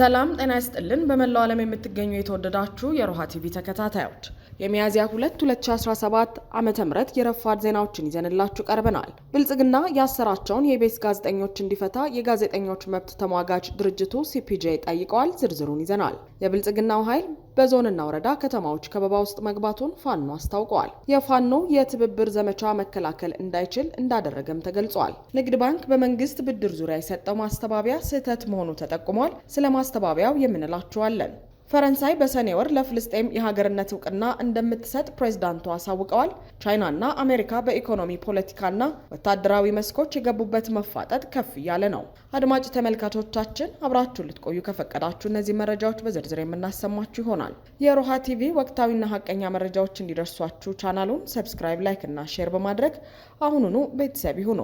ሰላም ጤና ይስጥልን። በመላው ዓለም የምትገኙ የተወደዳችሁ የሮሃ ቲቪ ተከታታዮች የሚያዝያ 2 2017 ዓ ም የረፋድ ዜናዎችን ይዘንላችሁ ቀርበናል። ብልጽግና ያሰራቸውን የቤስ ጋዜጠኞች እንዲፈታ የጋዜጠኞች መብት ተሟጋች ድርጅቱ ሲፒጄ ጠይቀዋል። ዝርዝሩን ይዘናል። የብልጽግናው ኃይል በዞንና ወረዳ ከተማዎች ከበባ ውስጥ መግባቱን ፋኖ አስታውቀዋል። የፋኖ የትብብር ዘመቻ መከላከል እንዳይችል እንዳደረገም ተገልጿል። ንግድ ባንክ በመንግስት ብድር ዙሪያ የሰጠው ማስተባበያ ስህተት መሆኑ ተጠቁሟል። ስለ ማስተባበያው የምንላችኋለን። ፈረንሳይ በሰኔ ወር ለፍልስጤም የሀገርነት እውቅና እንደምትሰጥ ፕሬዝዳንቱ አሳውቀዋል። ቻይናና አሜሪካ በኢኮኖሚ ፖለቲካና ወታደራዊ መስኮች የገቡበት መፋጠጥ ከፍ እያለ ነው። አድማጭ ተመልካቾቻችን አብራችሁ ልትቆዩ ከፈቀዳችሁ እነዚህ መረጃዎች በዝርዝር የምናሰማችሁ ይሆናል። የሮሃ ቲቪ ወቅታዊና ሀቀኛ መረጃዎች እንዲደርሷችሁ ቻናሉን ሰብስክራይብ፣ ላይክ እና ሼር በማድረግ አሁኑኑ ቤተሰብ ይሁኑ።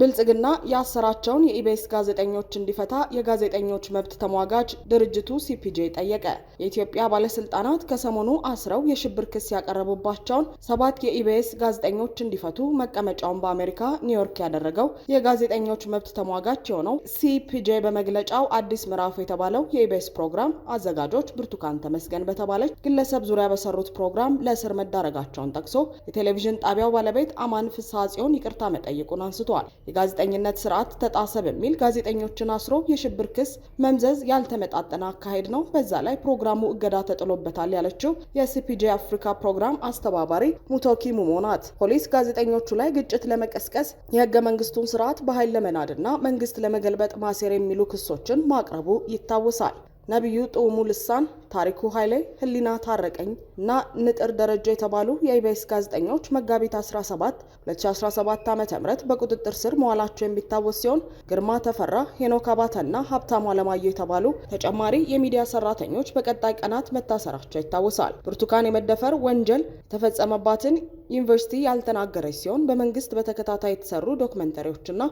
ብልጽግና ያሰራቸውን የኢቢኤስ ጋዜጠኞች እንዲፈታ የጋዜጠኞች መብት ተሟጋች ድርጅቱ ሲፒጄ ጠየቀ። የኢትዮጵያ ባለስልጣናት ከሰሞኑ አስረው የሽብር ክስ ያቀረቡባቸውን ሰባት የኢቢኤስ ጋዜጠኞች እንዲፈቱ መቀመጫውን በአሜሪካ ኒውዮርክ ያደረገው የጋዜጠኞች መብት ተሟጋች የሆነው ሲፒጄ በመግለጫው አዲስ ምዕራፍ የተባለው የኢቢኤስ ፕሮግራም አዘጋጆች ብርቱካን ተመስገን በተባለች ግለሰብ ዙሪያ በሰሩት ፕሮግራም ለእስር መዳረጋቸውን ጠቅሶ የቴሌቪዥን ጣቢያው ባለቤት አማን ፍስሐ ጽዮን ይቅርታ መጠየቁን አንስቷል። የጋዜጠኝነት ስርዓት ተጣሰ በሚል ጋዜጠኞችን አስሮ የሽብር ክስ መምዘዝ ያልተመጣጠነ አካሄድ ነው። በዛ ላይ ፕሮግራሙ እገዳ ተጥሎበታል ያለችው የሲፒጄ አፍሪካ ፕሮግራም አስተባባሪ ሙቶኪ ሙሞ ናት። ፖሊስ ጋዜጠኞቹ ላይ ግጭት ለመቀስቀስ የህገ መንግስቱን ስርዓት በኃይል ለመናድና መንግስት ለመገልበጥ ማሴር የሚሉ ክሶችን ማቅረቡ ይታወሳል። ነቢዩ ጥዑሙ ልሳን፣ ታሪኩ ኃይሌ፣ ህሊና ታረቀኝ እና ንጥር ደረጃ የተባሉ የኢቢኤስ ጋዜጠኞች መጋቢት 17 2017 ዓ.ም በቁጥጥር ስር መዋላቸው የሚታወስ ሲሆን ግርማ ተፈራ፣ ሄኖክ አባተ እና ሀብታሙ አለማየሁ የተባሉ ተጨማሪ የሚዲያ ሰራተኞች በቀጣይ ቀናት መታሰራቸው ይታወሳል። ብርቱካን የመደፈር ወንጀል የተፈጸመባትን ዩኒቨርሲቲ ያልተናገረች ሲሆን በመንግስት በተከታታይ የተሰሩ ዶክመንተሪዎችና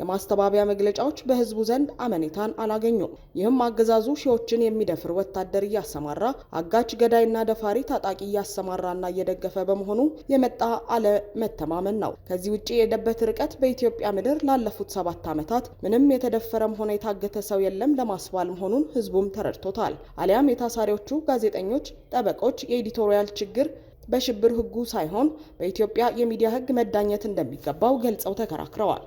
የማስተባበያ መግለጫዎች በህዝቡ ዘንድ አመኔታን አላገኙም። ይህም አገዛዙ ሺዎችን የሚደፍር ወታደር እያሰማራ አጋች፣ ገዳይና ደፋሪ ታጣቂ እያሰማራና እየደገፈ በመሆኑ የመጣ አለመተማመን ነው። ከዚህ ውጭ የሄደበት ርቀት በኢትዮጵያ ምድር ላለፉት ሰባት ዓመታት ምንም የተደፈረም ሆነ የታገተ ሰው የለም ለማስባል መሆኑን ህዝቡም ተረድቶታል። አሊያም የታሳሪዎቹ ጋዜጠኞች፣ ጠበቆች የኤዲቶሪያል ችግር በሽብር ህጉ ሳይሆን በኢትዮጵያ የሚዲያ ህግ መዳኘት እንደሚገባው ገልጸው ተከራክረዋል።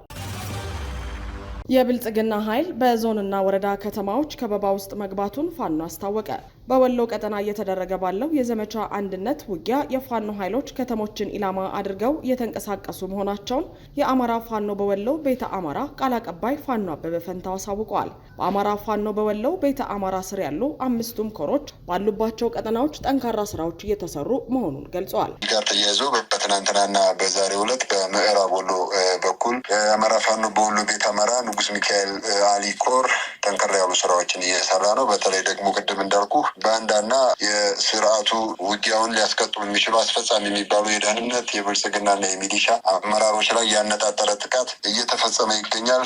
የብልጽግና ኃይል በዞንና ወረዳ ከተማዎች ከበባ ውስጥ መግባቱን ፋኖ አስታወቀ። በወሎ ቀጠና እየተደረገ ባለው የዘመቻ አንድነት ውጊያ የፋኖ ኃይሎች ከተሞችን ኢላማ አድርገው እየተንቀሳቀሱ መሆናቸውን የአማራ ፋኖ በወሎ ቤተ አማራ ቃል አቀባይ ፋኖ አበበ ፈንታው አሳውቀዋል። በአማራ ፋኖ በወሎ ቤተ አማራ ስር ያሉ አምስቱም ኮሮች ባሉባቸው ቀጠናዎች ጠንካራ ስራዎች እየተሰሩ መሆኑን ገልጸዋል። ጋር ተያይዞ በትናንትናና በዛሬው ዕለት በምዕራብ ወሎ በኩል የአማራ ፋኖ በወሎ ቤተ አማራ ንጉስ ሚካኤል አሊ ኮር ጠንካራ ያሉ ስራዎችን እየሰራ ነው። በተለይ ደግሞ ቅድም እንዳልኩ ባንዳና የስርዓቱ ውጊያውን ሊያስቀጥሉ የሚችሉ አስፈጻሚ የሚባሉ የደህንነት የብልጽግናና የሚሊሻ አመራሮች ላይ ያነጣጠረ ጥቃት እየተፈጸመ ይገኛል።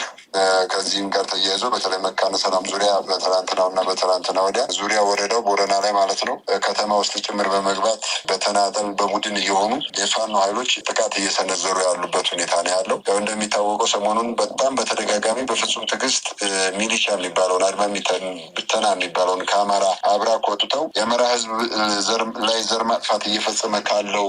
ከዚህም ጋር ተያይዞ በተለይ መካነ ሰላም ዙሪያ በትናንትናውና በትናንትና ወዲያ ዙሪያ ወረዳው ቦረና ላይ ማለት ነው ከተማ ውስጥ ጭምር በመግባት በተናጠል በቡድን እየሆኑ የፋኖ ኃይሎች ጥቃት እየሰነዘሩ ያሉበት ሁኔታ ነው ያለው። ያው እንደሚታወቀው ሰሞኑን በጣም በተደጋጋሚ በፍጹም ትዕግስት ሚሊሻ የሚባለውን አድማ ብተና የሚባለውን ከአማራ አብራ ኮትተው የአማራ ህዝብ ላይ ዘር ማጥፋት እየፈጸመ ካለው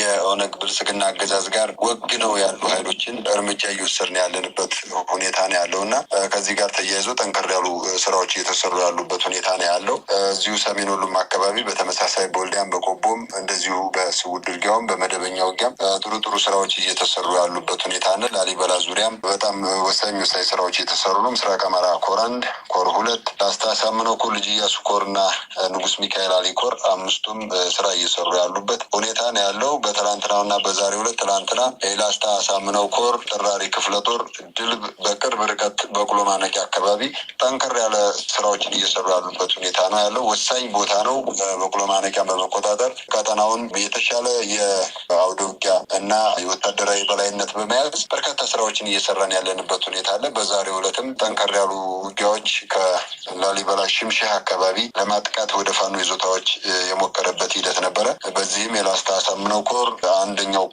የኦነግ ብልጽግና አገዛዝ ጋር ወግ ነው ያሉ ኃይሎችን እርምጃ እየወሰድን ያለንበት ሁኔታ ነው ያለው እና ከዚህ ጋር ተያይዞ ጠንከር ያሉ ስራዎች እየተሰሩ ያሉበት ሁኔታ ነው ያለው። እዚሁ ሰሜን ሁሉም አካባቢ በተመሳሳይ በወልዲያም በቆቦም እንደዚሁ በስውድ ድርጊያውም በመደበኛ ውጊያም ጥሩ ጥሩ ስራዎች እየተሰሩ ያሉበት ሁኔታ ነ ላሊበላ ዙሪያም በጣም ወሳኝ ወሳኝ ስራዎች እየተሰሩ ነው። ምስራቅ አማራ ኮር አንድ ኮር ሁለት ላስታ ሳምነው ኮር ልጅ እያሱ ኮርና ንጉስ ሚካኤል አሊኮር አምስቱም ስራ እየሰሩ ያሉበት ሁኔታ ነው ያለው። እና በዛሬ ሁለት ትላንትና ኤላስታ አሳምነው ኮር ጥራሪ ክፍለ ጦር ድልብ በቅርብ ርቀት በቁሎ ማነቂ አካባቢ ጠንከር ያለ ስራዎችን እየሰሩ ያሉበት ሁኔታ ነው ያለው። ወሳኝ ቦታ ነው። በቁሎ ማነቂያን በመቆጣጠር ቀጠናውን የተሻለ የአውደ ውጊያ እና የወታደራዊ በላይነት በመያዝ በርካታ ስራዎችን እየሰራን ያለንበት ሁኔታ አለ። በዛሬ ሁለትም ጠንከር ያሉ ውጊያዎች ከላሊበላ ሽምሽህ አካባቢ ለማጥ ለማቃት ወደ ፋኖ ይዞታዎች የሞከረበት ሂደት ነበረ። በዚህም የላስታ አሳምነው ኮር አንደኛው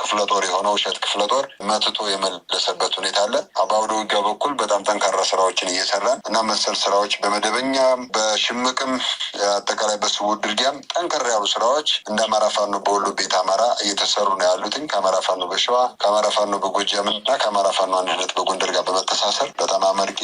ክፍለ ጦር የሆነው እሸት ክፍለ ጦር መትቶ የመለሰበት ሁኔታ አለ። አባውደ ውጊያ በኩል በጣም ጠንካራ ስራዎችን እየሰራን እና መሰል ስራዎች በመደበኛ በሽምቅም አጠቃላይ በስውር ድርጊያም ጠንከር ያሉ ስራዎች እንደ አማራ ፋኖ በወሎ ቤት አማራ እየተሰሩ ነው ያሉትኝ ከአማራ ፋኖ በሸዋ ከአማራ ፋኖ በጎጃም እና ከአማራ ፋኖ አንድነት በጎንደር ጋር በመተሳሰር በጣም አመርቂ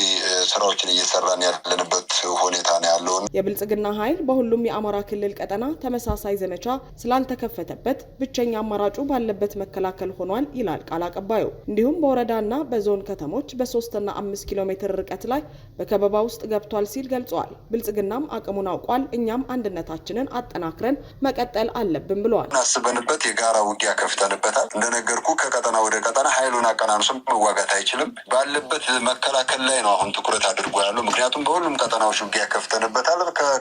ስራዎችን እየሰራን ያለንበት ሁኔታ ነው ያለውን የብልጽግና የብልጽግና ኃይል በሁሉም የአማራ ክልል ቀጠና ተመሳሳይ ዘመቻ ስላልተከፈተበት ብቸኛ አማራጩ ባለበት መከላከል ሆኗል ይላል ቃል አቀባዩ። እንዲሁም በወረዳና በዞን ከተሞች በሶስትና አምስት ኪሎ ሜትር ርቀት ላይ በከበባ ውስጥ ገብቷል ሲል ገልጿል። ብልጽግናም አቅሙን አውቋል፣ እኛም አንድነታችንን አጠናክረን መቀጠል አለብን ብለዋል። አስበንበት የጋራ ውጊያ ከፍተንበታል። እንደነገርኩ ከቀጠና ወደ ቀጠና ኃይሉን አቀናንሶም መዋጋት አይችልም። ባለበት መከላከል ላይ ነው አሁን ትኩረት አድርጎ ያለው። ምክንያቱም በሁሉም ቀጠናዎች ውጊያ ከፍተንበታል።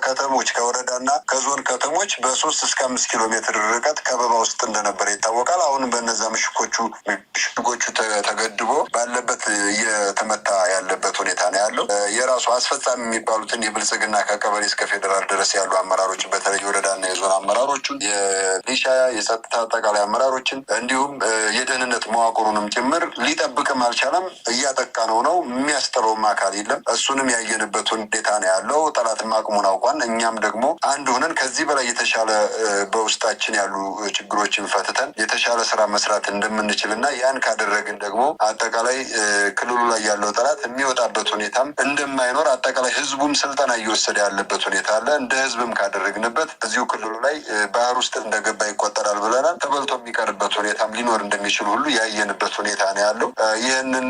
ከተሞች ከወረዳና ከዞን ከተሞች በሶስት እስከ አምስት ኪሎ ሜትር ርቀት ከበባ ውስጥ እንደነበረ ይታወቃል። አሁንም በነዛ ምሽጎቹ ምሽጎቹ ተገድቦ ባለበት እየተመታ ያለበት ሁኔታ ነው ያለው። የራሱ አስፈጻሚ የሚባሉትን የብልጽግና ከቀበሌ እስከ ፌዴራል ድረስ ያሉ አመራሮች በተለይ ወረዳና የዞን አመራሮችን፣ የሚሊሻ የጸጥታ አጠቃላይ አመራሮችን እንዲሁም የደህንነት መዋቅሩንም ጭምር ሊጠብቅም አልቻለም። እያጠቃ ነው ነው የሚያስጥለውም አካል የለም። እሱንም ያየንበት ሁኔታ ነው ያለው። ጠላትም አቅሙን አውቋል። ፈጥረን እኛም ደግሞ አንድ ሆነን ከዚህ በላይ የተሻለ በውስጣችን ያሉ ችግሮችን ፈትተን የተሻለ ስራ መስራት እንደምንችል እና ያን ካደረግን ደግሞ አጠቃላይ ክልሉ ላይ ያለው ጠላት የሚወጣበት ሁኔታም እንደማይኖር አጠቃላይ ህዝቡም ስልጠና እየወሰደ ያለበት ሁኔታ አለ። እንደ ህዝብም ካደረግንበት እዚሁ ክልሉ ላይ ባህር ውስጥ እንደገባ ይቆጠራል ብለናል። ተበልቶ የሚቀርበት ሁኔታም ሊኖር እንደሚችል ሁሉ ያየንበት ሁኔታ ነው ያለው። ይህንን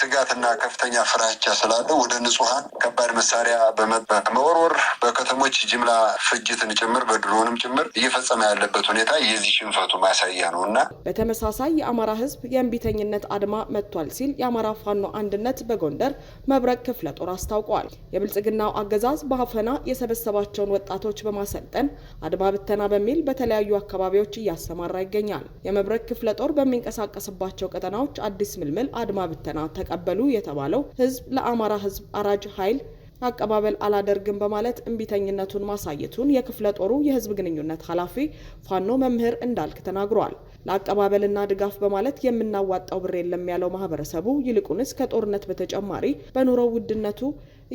ስጋትና ከፍተኛ ፍራቻ ስላለ ወደ ንጹሀን ከባድ መሳሪያ በመወርወር ከተሞች ጅምላ ፍጅትን ጭምር በድሮንም ጭምር እየፈጸመ ያለበት ሁኔታ የዚህ ሽንፈቱ ማሳያ ነው እና በተመሳሳይ የአማራ ህዝብ የእምቢተኝነት አድማ መጥቷል ሲል የአማራ ፋኖ አንድነት በጎንደር መብረቅ ክፍለ ጦር አስታውቋል። የብልጽግናው አገዛዝ በአፈና የሰበሰባቸውን ወጣቶች በማሰልጠን አድማ ብተና በሚል በተለያዩ አካባቢዎች እያሰማራ ይገኛል። የመብረቅ ክፍለ ጦር በሚንቀሳቀስባቸው ቀጠናዎች አዲስ ምልምል አድማ ብተና ተቀበሉ የተባለው ህዝብ ለአማራ ህዝብ አራጅ ኃይል አቀባበል አላደርግም በማለት እምቢተኝነቱን ማሳየቱን የክፍለ ጦሩ የህዝብ ግንኙነት ኃላፊ ፋኖ መምህር እንዳልክ ተናግሯል። ለአቀባበልና ድጋፍ በማለት የምናዋጣው ብር የለም ያለው ማህበረሰቡ ይልቁንስ ከጦርነት በተጨማሪ በኑሮ ውድነቱ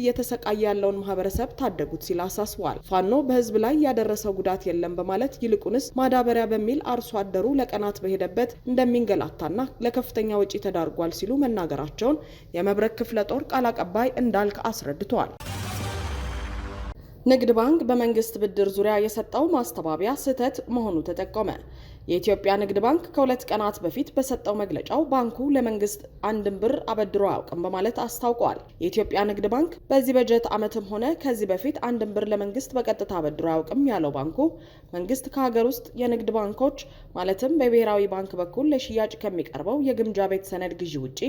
እየተሰቃየ ያለውን ማህበረሰብ ታደጉት ሲል አሳስቧል። ፋኖ በህዝብ ላይ ያደረሰው ጉዳት የለም በማለት ይልቁንስ ማዳበሪያ በሚል አርሶ አደሩ ለቀናት በሄደበት እንደሚንገላታና ለከፍተኛ ወጪ ተዳርጓል ሲሉ መናገራቸውን የመብረቅ ክፍለ ጦር ቃል አቀባይ እንዳልክ አስረድተዋል። ንግድ ባንክ በመንግስት ብድር ዙሪያ የሰጠው ማስተባበያ ስህተት መሆኑ ተጠቆመ። የኢትዮጵያ ንግድ ባንክ ከሁለት ቀናት በፊት በሰጠው መግለጫው ባንኩ ለመንግስት አንድም ብር አበድሮ አያውቅም በማለት አስታውቀዋል። የኢትዮጵያ ንግድ ባንክ በዚህ በጀት ዓመትም ሆነ ከዚህ በፊት አንድም ብር ለመንግስት በቀጥታ አበድሮ አያውቅም ያለው ባንኩ መንግስት ከሀገር ውስጥ የንግድ ባንኮች ማለትም በብሔራዊ ባንክ በኩል ለሽያጭ ከሚቀርበው የግምጃ ቤት ሰነድ ግዢ ውጪ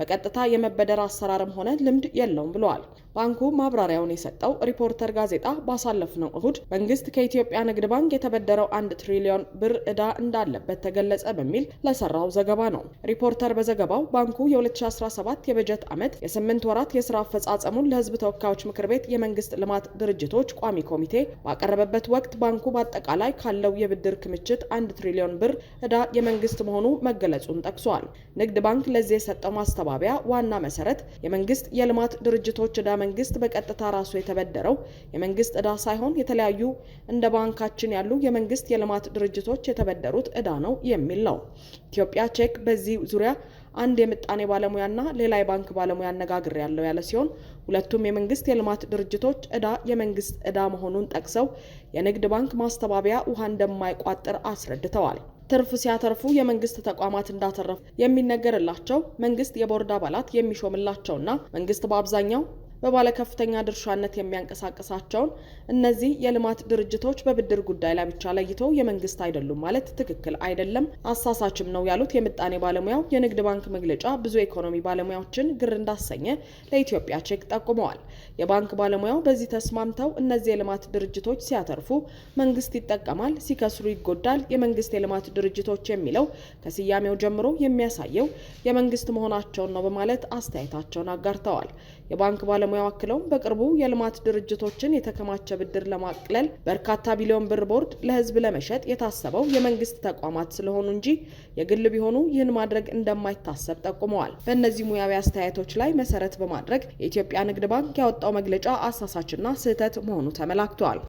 በቀጥታ የመበደር አሰራርም ሆነ ልምድ የለውም ብለዋል። ባንኩ ማብራሪያውን የሰጠው ሪፖርተር ጋዜጣ ባሳለፍነው እሁድ መንግስት ከኢትዮጵያ ንግድ ባንክ የተበደረው አንድ ትሪሊዮን ብር እዳ እንዳለበት ተገለጸ በሚል ለሰራው ዘገባ ነው። ሪፖርተር በዘገባው ባንኩ የ2017 የበጀት ዓመት የስምንት ወራት የስራ አፈጻጸሙን ለህዝብ ተወካዮች ምክር ቤት የመንግስት ልማት ድርጅቶች ቋሚ ኮሚቴ ባቀረበበት ወቅት ባንኩ በአጠቃላይ ካለው የብድር ክምችት አንድ ትሪሊዮን ብር እዳ የመንግስት መሆኑ መገለጹን ጠቅሷል። ንግድ ባንክ ለዚህ የሰጠው ማስተባበያ ዋና መሰረት የመንግስት የልማት ድርጅቶች ዕዳ መንግስት በቀጥታ ራሱ የተበደረው የመንግስት ዕዳ ሳይሆን የተለያዩ እንደ ባንካችን ያሉ የመንግስት የልማት ድርጅቶች የተበደረ የሚወዳደሩት እዳ ነው የሚል ነው። ኢትዮጵያ ቼክ በዚህ ዙሪያ አንድ የምጣኔ ባለሙያና ሌላ የባንክ ባለሙያ አነጋግር ያለው ያለ ሲሆን ሁለቱም የመንግስት የልማት ድርጅቶች እዳ የመንግስት ዕዳ መሆኑን ጠቅሰው የንግድ ባንክ ማስተባበያ ውሃ እንደማይቋጥር አስረድተዋል። ትርፍ ሲያተርፉ የመንግስት ተቋማት እንዳተረፉ የሚነገርላቸው መንግስት የቦርድ አባላት የሚሾምላቸውና መንግስት በአብዛኛው በባለከፍተኛ ድርሻነት የሚያንቀሳቅሳቸውን እነዚህ የልማት ድርጅቶች በብድር ጉዳይ ላይ ብቻ ለይቶ የመንግስት አይደሉም ማለት ትክክል አይደለም፣ አሳሳችም ነው ያሉት የምጣኔ ባለሙያው የንግድ ባንክ መግለጫ ብዙ የኢኮኖሚ ባለሙያዎችን ግር እንዳሰኘ ለኢትዮጵያ ቼክ ጠቁመዋል። የባንክ ባለሙያው በዚህ ተስማምተው እነዚህ የልማት ድርጅቶች ሲያተርፉ መንግስት ይጠቀማል፣ ሲከስሩ ይጎዳል። የመንግስት የልማት ድርጅቶች የሚለው ከስያሜው ጀምሮ የሚያሳየው የመንግስት መሆናቸውን ነው በማለት አስተያየታቸውን አጋርተዋል። የባንክ ባለሙያው አክለውም በቅርቡ የልማት ድርጅቶችን የተከማቸ ብድር ለማቅለል በርካታ ቢሊዮን ብር ቦርድ ለህዝብ ለመሸጥ የታሰበው የመንግስት ተቋማት ስለሆኑ እንጂ የግል ቢሆኑ ይህን ማድረግ እንደማይታሰብ ጠቁመዋል። በእነዚህ ሙያዊ አስተያየቶች ላይ መሰረት በማድረግ የኢትዮጵያ ንግድ ባንክ ያወጣው ያወጣው መግለጫ አሳሳችና ስህተት መሆኑ ተመላክቷል።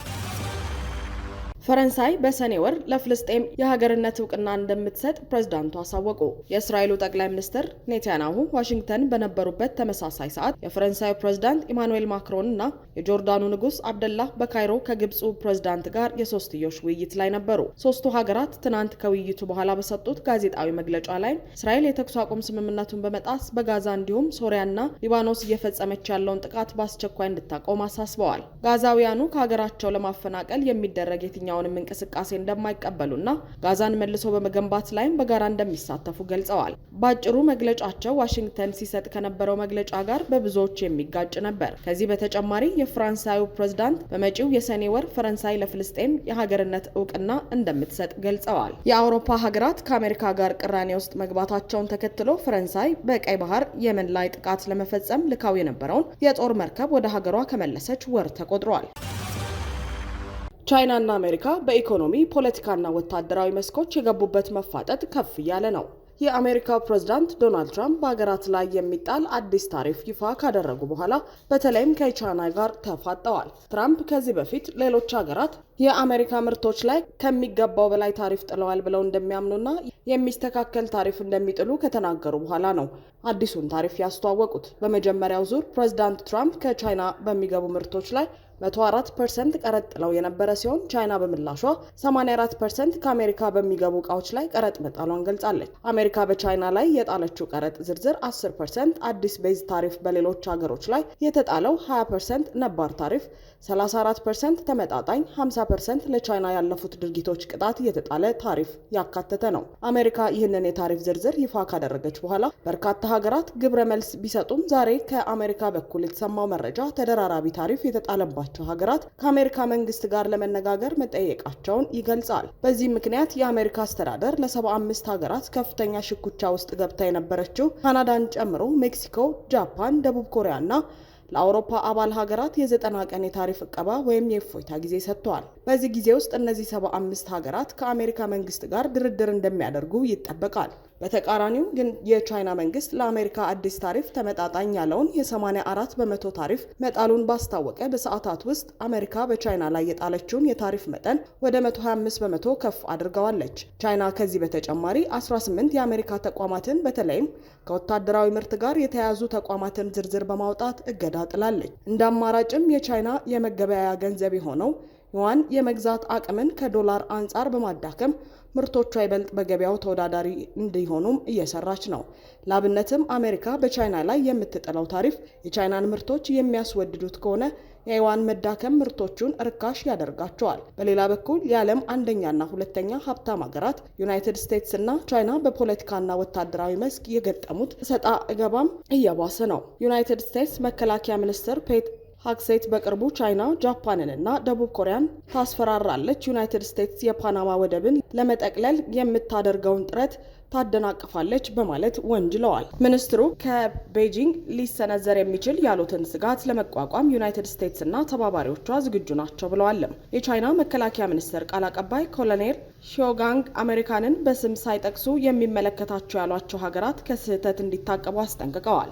ፈረንሳይ በሰኔ ወር ለፍልስጤም የሀገርነት እውቅና እንደምትሰጥ ፕሬዝዳንቱ አሳወቁ። የእስራኤሉ ጠቅላይ ሚኒስትር ኔታንያሁ ዋሽንግተን በነበሩበት ተመሳሳይ ሰዓት የፈረንሳዩ ፕሬዝዳንት ኢማኑኤል ማክሮን እና የጆርዳኑ ንጉሥ አብደላህ በካይሮ ከግብፁ ፕሬዝዳንት ጋር የሶስትዮሽ ውይይት ላይ ነበሩ። ሶስቱ ሀገራት ትናንት ከውይይቱ በኋላ በሰጡት ጋዜጣዊ መግለጫ ላይ እስራኤል የተኩስ አቁም ስምምነቱን በመጣስ በጋዛ እንዲሁም ሶሪያና ሊባኖስ እየፈጸመች ያለውን ጥቃት በአስቸኳይ እንድታቆም አሳስበዋል። ጋዛውያኑ ከሀገራቸው ለማፈናቀል የሚደረግ የትኛው ማንኛውንም እንቅስቃሴ እንደማይቀበሉና ጋዛን መልሶ በመገንባት ላይም በጋራ እንደሚሳተፉ ገልጸዋል። በአጭሩ መግለጫቸው ዋሽንግተን ሲሰጥ ከነበረው መግለጫ ጋር በብዙዎች የሚጋጭ ነበር። ከዚህ በተጨማሪ የፍራንሳዩ ፕሬዝዳንት በመጪው የሰኔ ወር ፈረንሳይ ለፍልስጤም የሀገርነት እውቅና እንደምትሰጥ ገልጸዋል። የአውሮፓ ሀገራት ከአሜሪካ ጋር ቅራኔ ውስጥ መግባታቸውን ተከትሎ ፈረንሳይ በቀይ ባህር የመን ላይ ጥቃት ለመፈጸም ልካው የነበረውን የጦር መርከብ ወደ ሀገሯ ከመለሰች ወር ተቆጥሯል። ቻይናና አሜሪካ በኢኮኖሚ ፖለቲካና ወታደራዊ መስኮች የገቡበት መፋጠጥ ከፍ እያለ ነው። የአሜሪካው ፕሬዝዳንት ዶናልድ ትራምፕ በሀገራት ላይ የሚጣል አዲስ ታሪፍ ይፋ ካደረጉ በኋላ በተለይም ከቻይና ጋር ተፋጠዋል። ትራምፕ ከዚህ በፊት ሌሎች ሀገራት የአሜሪካ ምርቶች ላይ ከሚገባው በላይ ታሪፍ ጥለዋል ብለው እንደሚያምኑና የሚስተካከል ታሪፍ እንደሚጥሉ ከተናገሩ በኋላ ነው አዲሱን ታሪፍ ያስተዋወቁት። በመጀመሪያው ዙር ፕሬዚዳንት ትራምፕ ከቻይና በሚገቡ ምርቶች ላይ 104 ፐርሰንት ቀረጥ ጥለው የነበረ ሲሆን ቻይና በምላሿ 84 ፐርሰንት ከአሜሪካ በሚገቡ እቃዎች ላይ ቀረጥ መጣሏን ገልጻለች። አሜሪካ በቻይና ላይ የጣለችው ቀረጥ ዝርዝር 10 ፐርሰንት አዲስ ቤዝ ታሪፍ፣ በሌሎች ሀገሮች ላይ የተጣለው 20 ፐርሰንት ነባር ታሪፍ 34 ፐርሰንት ተመጣጣኝ፣ 50 ፐርሰንት ለቻይና ያለፉት ድርጊቶች ቅጣት የተጣለ ታሪፍ ያካተተ ነው። አሜሪካ ይህንን የታሪፍ ዝርዝር ይፋ ካደረገች በኋላ በርካታ ሀገራት ግብረ መልስ ቢሰጡም ዛሬ ከአሜሪካ በኩል የተሰማው መረጃ ተደራራቢ ታሪፍ የተጣለባቸው ሀገራት ከአሜሪካ መንግስት ጋር ለመነጋገር መጠየቃቸውን ይገልጻል። በዚህ ምክንያት የአሜሪካ አስተዳደር ለ75 ሀገራት ከፍተኛ ሽኩቻ ውስጥ ገብታ የነበረችው ካናዳን ጨምሮ ሜክሲኮ፣ ጃፓን፣ ደቡብ ኮሪያ እና ለአውሮፓ አባል ሀገራት የዘጠና ቀን የታሪፍ እቀባ ወይም የእፎይታ ጊዜ ሰጥተዋል። በዚህ ጊዜ ውስጥ እነዚህ ሰባ አምስት ሀገራት ከአሜሪካ መንግስት ጋር ድርድር እንደሚያደርጉ ይጠበቃል። በተቃራኒው ግን የቻይና መንግስት ለአሜሪካ አዲስ ታሪፍ ተመጣጣኝ ያለውን የ84 በመቶ ታሪፍ መጣሉን ባስታወቀ በሰዓታት ውስጥ አሜሪካ በቻይና ላይ የጣለችውን የታሪፍ መጠን ወደ 125 በመቶ ከፍ አድርገዋለች። ቻይና ከዚህ በተጨማሪ 18 የአሜሪካ ተቋማትን በተለይም ከወታደራዊ ምርት ጋር የተያያዙ ተቋማትን ዝርዝር በማውጣት እገዳ ጥላለች። እንደ አማራጭም የቻይና የመገበያያ ገንዘብ የሆነው ዋን የመግዛት አቅምን ከዶላር አንጻር በማዳከም ምርቶቿ ይበልጥ በገበያው ተወዳዳሪ እንዲሆኑም እየሰራች ነው። ላብነትም አሜሪካ በቻይና ላይ የምትጥለው ታሪፍ የቻይናን ምርቶች የሚያስወድዱት ከሆነ የአይዋን መዳከም ምርቶቹን ርካሽ ያደርጋቸዋል። በሌላ በኩል የዓለም አንደኛና ሁለተኛ ሀብታም ሀገራት ዩናይትድ ስቴትስ እና ቻይና በፖለቲካና ወታደራዊ መስክ የገጠሙት እሰጣ ገባም እየባሰ ነው። ዩናይትድ ስቴትስ መከላከያ ሚኒስትር ፔት ሀክሴት በቅርቡ ቻይና ጃፓንን ና ደቡብ ኮሪያን ታስፈራራለች፣ ዩናይትድ ስቴትስ የፓናማ ወደብን ለመጠቅለል የምታደርገውን ጥረት ታደናቅፋለች በማለት ወንጅለዋል። ሚኒስትሩ ከቤጂንግ ሊሰነዘር የሚችል ያሉትን ስጋት ለመቋቋም ዩናይትድ ስቴትስ እና ተባባሪዎቿ ዝግጁ ናቸው ብለዋል። የቻይና መከላከያ ሚኒስቴር ቃል አቀባይ ኮሎኔል ሾጋንግ አሜሪካንን በስም ሳይጠቅሱ የሚመለከታቸው ያሏቸው ሀገራት ከስህተት እንዲታቀቡ አስጠንቅቀዋል።